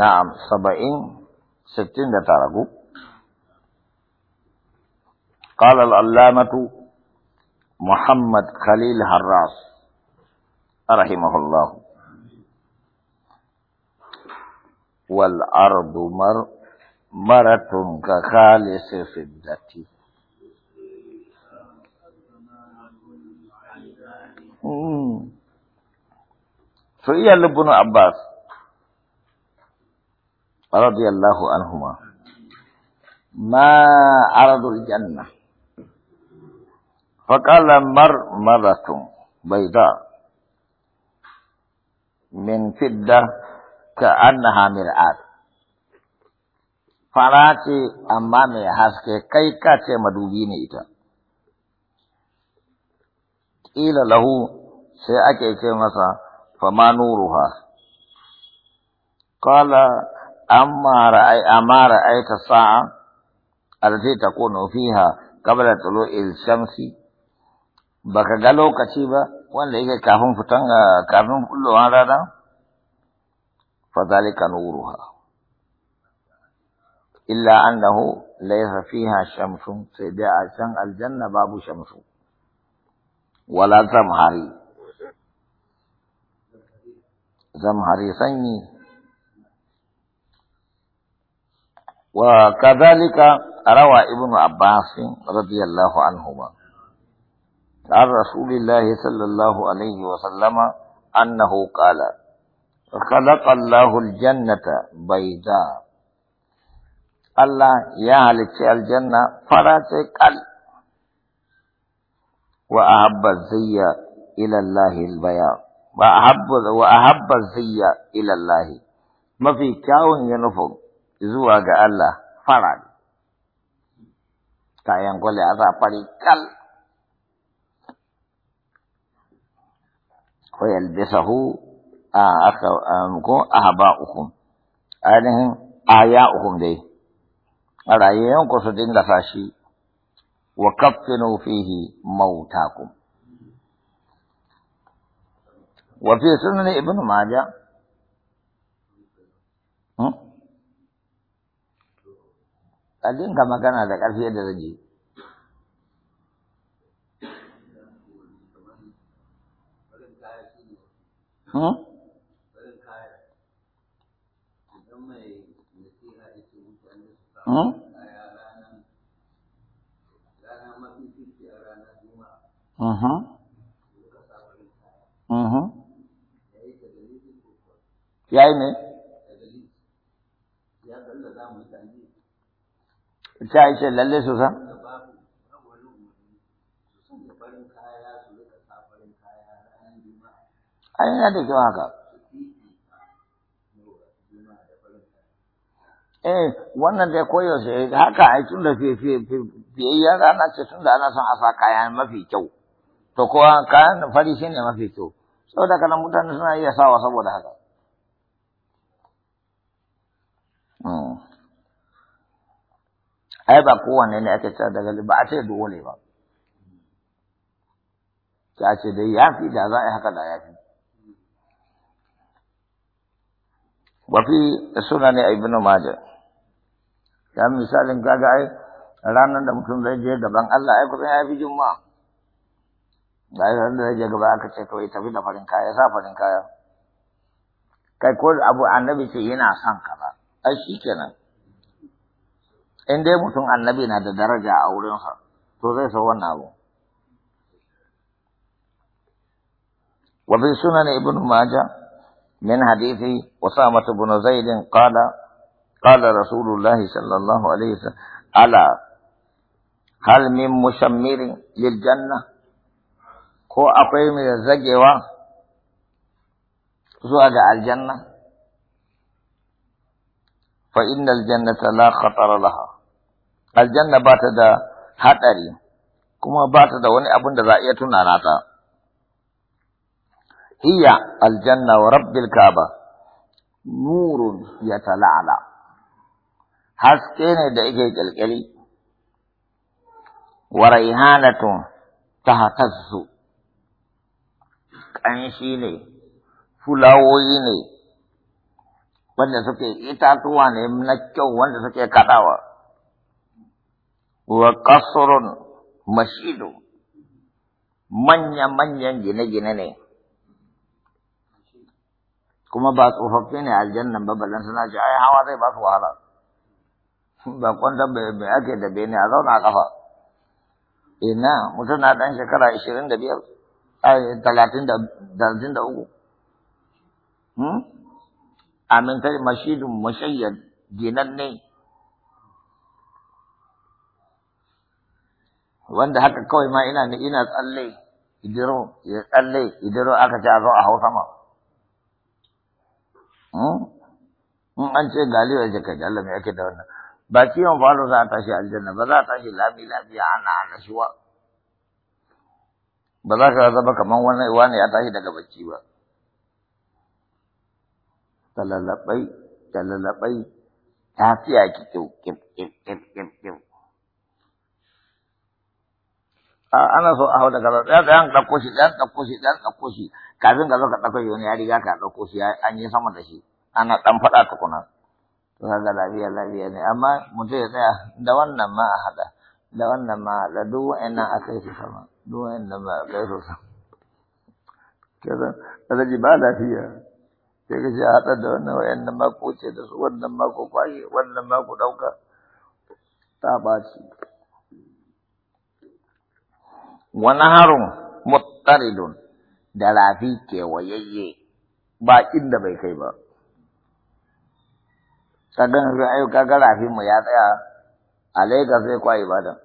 نعم سبعين ستين تارقوا قال العلامة محمد خليل هراس رحمه الله والأرض مر مرة كخالص فدتي سو يا لبن عباس radiyallahu anhuma ma aradul janna mar marmaratun bayda min fidda annaha mir'at fara amma mai haske kai ka ce madubi ne ita ƙila lahu sai ake ce masa ma nuruha qala أما رأي ta رأيت الساعة التي تكون فيها قبل طلوع الشمس baka ga lokaci ba wanda yake kafin fitan kafin kullowan rana fa zalika nuruha illa annahu laysa fiha shamsun sai dai a can aljanna babu shamsu wala zamhari zamhari sanyi وكذلك روى ابن عباس رضي الله عنهما عن رسول الله صلى الله عليه وسلم أنه قال خلق الله الجنة بيضاء الله يهلك الجنة فراتك قل وأحب الزي إلى الله البياض وأحب وأحب الزي إلى الله ما في كاون ينفق zuwa ga Allah fara kayan gole a zafari kal ko bisa hu a aka ويلبسه أهباؤكم ainihin aya aya'uhum dai a rayuwanku su dinga sashi wa kafinu fihi mautakum وفي سنن ابن ماجه a dinga magana da ƙarfi yadda zan hmm? Hmm? Uh-huh. Uh-huh. Ya yi ne? ta ce lalle su san ai yana da kyau haka eh wannan dai koyaushe haka ai tun da fiyayyen rana ce tun da ana son a sa kaya mafi kyau to kowa kayan fari ne mafi kyau saboda kana mutane suna iya sawa saboda haka ai ba kowanne ne ake cewa daga ba a ce dole ba ta ce dai ya fi da za a yi haka da ya fi wafi suna ne a ibn majah ya misalin kaga ai ranar da mutum zai je gaban Allah ai kuma ya fi juma da ai da zai je gaba aka ce kawai tafi da farin kaya sa farin kaya kai ko abu annabi ce yana son kaza ai shikenan in dai mutum annabi na da daraja a wurinsa to zai so wannan abu wa bi sunan ibn majah min hadithi usama ibn zaid qala qala rasulullah sallallahu alaihi wasallam ala hal min mushammirin lil janna ko akwai mai zagewa zuwa ga aljanna fa innal jannata la khatara laha aljanna ba ta da haɗari kuma ba ta da wani abin da za a iya tuna ta. hiya aljanna wa rabbil kaba nurun yatala'ala haske ne da yake kyalkyali wa raihanatun tahtazzu ƙanshi ne fulawoyi ne wanda suke itatuwa ne na kyau wanda suke kaɗawa wa kasurun mashidu manya-manyan gine-gine ne kuma ba tsofaffi ne aljannan ba ballan suna ce ai hawa zai ba su wahala ba kwanta mai ake da bene a zauna a kafa ina mutum na dan shekara ishirin da biyar talatin da uku hmm? amintar mashidun mashayyar ne. wanda haka kawai ma ina ne ina tsalle idiro ya tsalle idiro aka ce a zo a hau sama hmm? in an ce galiwa ya kaji Allah mai ake da wannan ba ciwon falo za a tashi aljanna ba za a tashi lami a ana annashuwa ba za ka zama kamar wani wani ya tashi daga bacci ba talalabai talalabai fiya ki kyau kyau kyau kyau kyau ana so a hau daga zai ɗaya ɗayan ɗauko shi ɗayan ɗauko shi ɗayan ɗauko shi kafin ka zo ka ɗauko shi wani ya riga ka ɗauko shi an yi sama da shi ana ɗan faɗa tukuna to kaga lafiya lafiya ne amma mutum ya tsaya da wannan ma a haɗa da wannan ma a haɗa duk wa'annan a kai su sama duk wa'annan ma a kai su sama ka alhaji ba lafiya sai ka ce a haɗa da wannan wa'annan ma ko ce da su wannan ma ko kwashe wannan ma ko ɗauka ta ɓaci wa naharun muttaridun da rafi kewayayye ba da bai kai ba kaga yanzu ayo kaga rafin mu ya tsaya a Lagos sai kwa Ibadan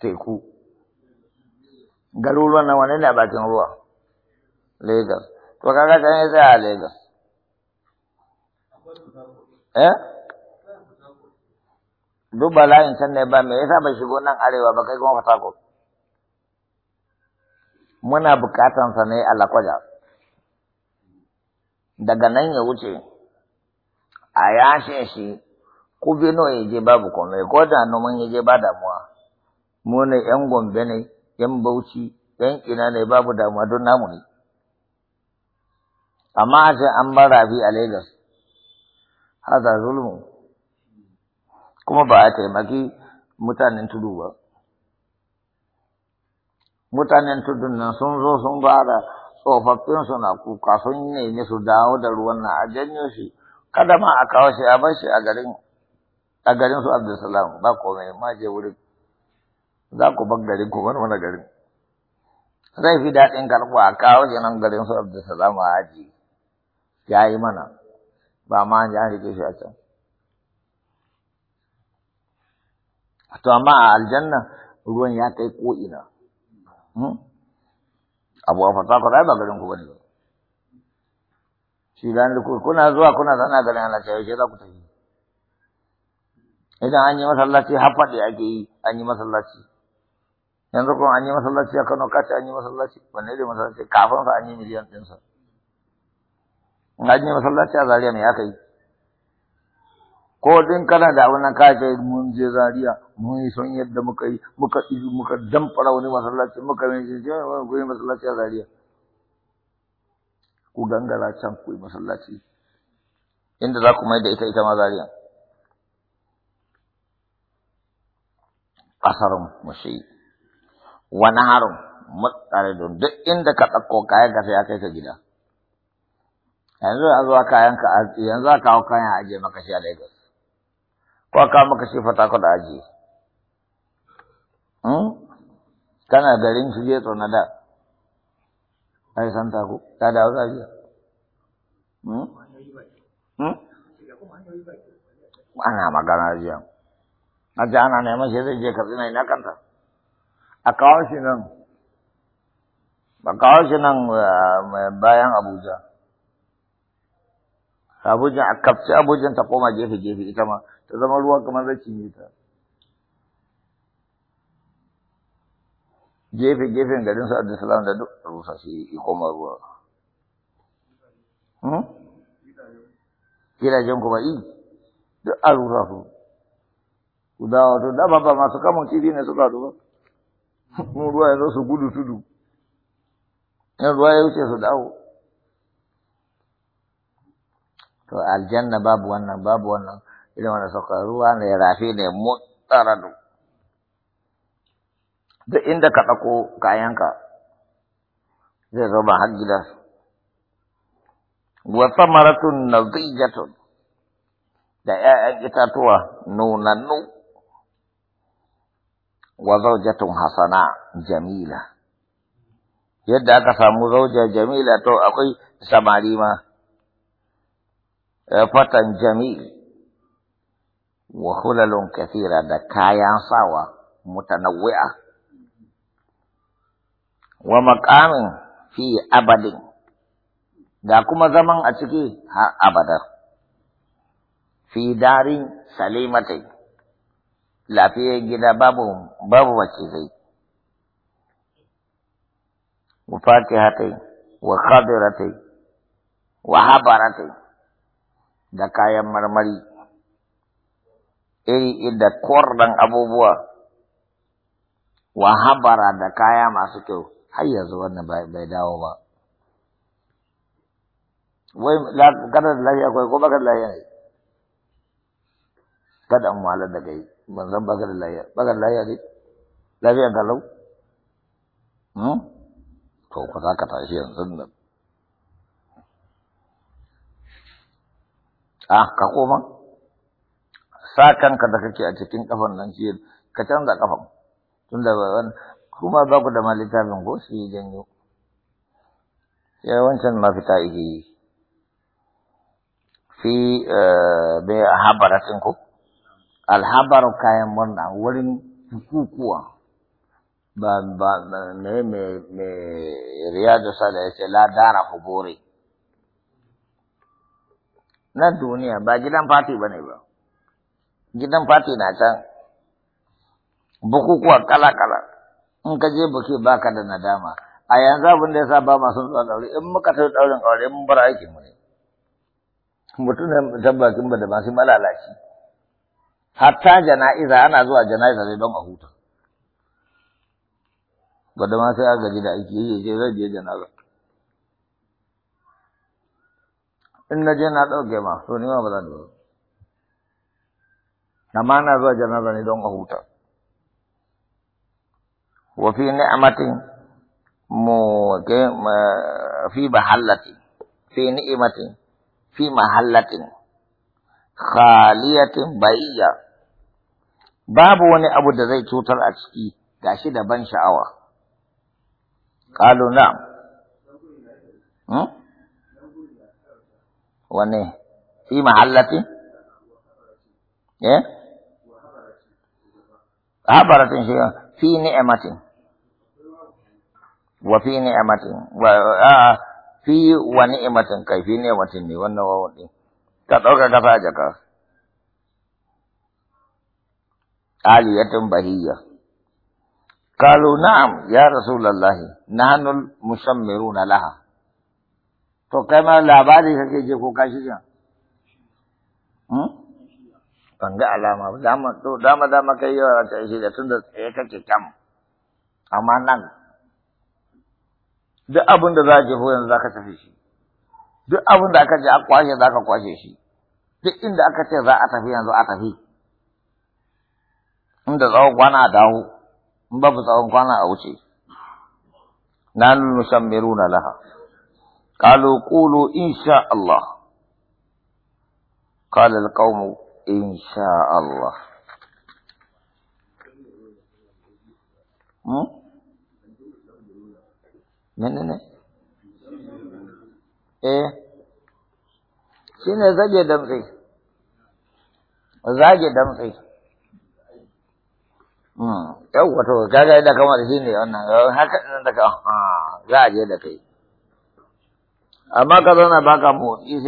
teku garuruwan nan wani ne a bakin ruwa Lagos to kaga can ya tsaya a Lagos eh duk layin can ne ba me yasa bai shigo nan arewa ba kai kuma fatako muna bukatan sa ne a daga nan ya wuce a yashe shi ku bino ya je babu komai ko da noman ya je ba damuwa mu ne yan gombe ne yan bauchi yan ina ne babu damuwa don namu ne amma a ce an bar rafi a lagos Haza, zulmu kuma ba a taimaki mutanen tudu ba. Mutanen tudun nan sun zo sun ba da tsofaffinsu na kuka sun nemi su dawo da ruwan na a janyo shi, kada ma a kawo shi a bar shi a garin su garin su Abdulsalam ba komai ma je wurin za ku bar garin ku bar mana garin. Zai fi daɗin karɓo a kawo shi nan garin su Abdulsalam a aji ya yi mana ba ma an ji an rike shi a can. To amma a aljanna ruwan ya kai ko'ina. Hmm? Abu a fata ai ba garin ku bane ba. Shi da kuna zuwa kuna zana garin Allah ta shi za ku tafi. Idan an yi masallaci haffaɗe ake yi an yi masallaci. Yanzu kuma an yi masallaci a Kano kace an yi masallaci wanne ne masallaci kafin sa an yi miliyan ɗinsa. In an yi masallaci a Zaria me aka yi? ko din kana da abin nan ka ce mun je Zariya mun yi son yadda muka yi muka izu muka damfara wani masallaci muka mai je wani masallaci a Zariya. ku gangara can ku yi masallaci inda za ku mai da ita ita ma zariya asarun mushi wa naharun don duk inda ka ɗauko kayan ka sai ya kai ka gida yanzu a zuwa kayan ka yanzu a kawo kayan ajiye maka shi a Lagos ko ka maka shi fatako da aji kana garin su je tsona da ai san ta ku ta da wata aji ana magana jiya a ji ana neman shi zai je katsina ina kanta a kawo shi nan ba kawo shi nan eh, bayan abuja abujin a kafci abujin ta koma gefe gefe ita ma ta zama ruwa kamar zai cinye ta gefe gefen garin sa Abdulsalam da duk rusa shi ya koma ruwa hmm? gidajen kuma yi duk a rusa su da wato da ba masu kamun kifi ne suka duba mun ruwa ya zo su gudu tudu in ruwa ya wuce su dawo to aljanna babu wannan babu wannan idan wannan sauka ruwa ne rafi ne mutaradu duk inda ka ɗauko kayanka zai zo ba har gida wa samaratun nazijatun da ‘ya'yan itatuwa nunannu wa zaujatun hasana jamila yadda aka samu zauja jamila to akwai samari ma fatan jami'i. wa hulalun da kayan sawa mutanawwi'a wa maqamin fi abadin da kuma zaman a ciki har abada fi darin salimatai lafiyar gida babu babu wace zai wa fatihatai wa khadiratai wa habaratai da kayan marmari, iri da kordan abubuwa, wa habara da kaya masu kyau, har yanzu wannan bai dawo ba. Wai kada da lafiya akwai ko baka da lafiya ne? Kada an wahalar da kai, ban zan baka da lafiya, baka da lafiya ne? Lafiya galau? Hmm? To, ku za ka tashi yanzu nan. a ah, ka koma sa kanka da kake a cikin kafan nan shi ka canza kafan Tun tunda wani kuma ba ku da ma littafin ko shi janyo ya wancan mafita ihe yi fi eh, bai sun ko alhabaru kayan murna wurin bukukuwa ba ba me me me riyadu sala ya ce Ladara huburi nan duniya ba gidan fati ba ne ba gidan fati na can bukukuwa kala-kala in ka je buki baka da nadama a yanzu abin da sa ba masu zuwa ɗaure in muka tafi ɗaurin aure mun bar aikin mu ne mutum da tabbakin ba da masu malalaci hatta jana'iza ana zuwa jana'iza zai don a huta gwada ma sai a gaji da aiki yi je zai je jana'iza in na je na ɗauke ma to ni ma ba zan zo amma na zuwa janaza ne don a huta wa fi ni'matin mu fi mahallati fi ni'matin fi mahallatin khaliyatin bayya babu wani abu da zai cutar a ciki gashi da ban sha'awa qalu na'am hmm? wanne fi mahallati eh abaratin shi fi ni'matin wa fi ni'matin wa fi wa ni'matin kai fi ni'matin ne wannan wawan din ka dauka ka faja ka aliyatun bahiyya قالوا نعم يا رسول الله نحن المشمرون لها to kai ma labari kake je ko ka shirya hmm? ban ga alama ba dama to dama dama kai yawa ta shirya tun da tsaye kake kam amma nan duk abin da za ka ho yanzu za ka tafi shi duk abin da aka je a kwashe za ka kwashe shi duk inda aka ce za a tafi yanzu a tafi inda tsawon kwana a dawo in babu tsawon kwana a wuce na meru shan laha قالوا قولوا إن شاء الله قال القوم إن شاء الله من من إيه شنو زاج دمغي زاج دمغي أمم يا تو كذا إذا كمان شنو أنا هكذا نتكلم آه, آه، زاج دمغي amma ka zauna baka motsi